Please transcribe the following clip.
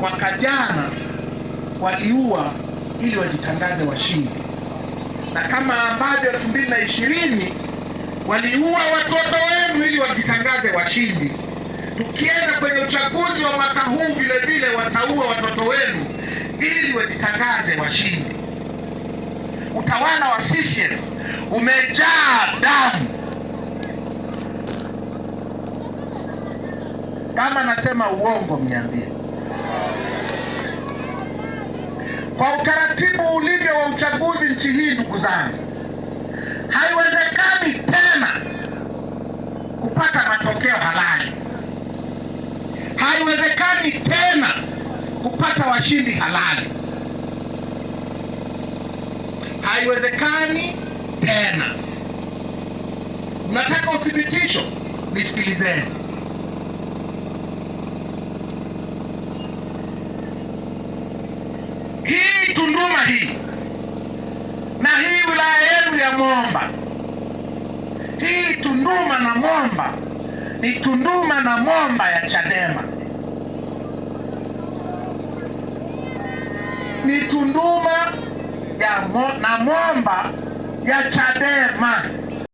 mwaka jana waliua ili wajitangaze washindi, na kama ambavyo elfu mbili na ishirini waliua watoto wenu ili wajitangaze washindi. Tukienda kwenye uchaguzi wa mwaka huu vile vile wataua watoto wenu ili wajitangaze washindi. Utawala wa CCM umejaa damu. Kama nasema uongo, mniambie. Kwa utaratibu ulivyo wa uchaguzi nchi hii, ndugu zangu, haiwezekani tena kupata matokeo halali, haiwezekani tena kupata washindi halali, haiwezekani tena. Mnataka uthibitisho? Nisikilizeni. hii na hii wilaya yenu ya Momba, hii Tunduma na Momba ni Tunduma na Momba ya Chadema, ni Tunduma ya mo, na Momba ya Chadema.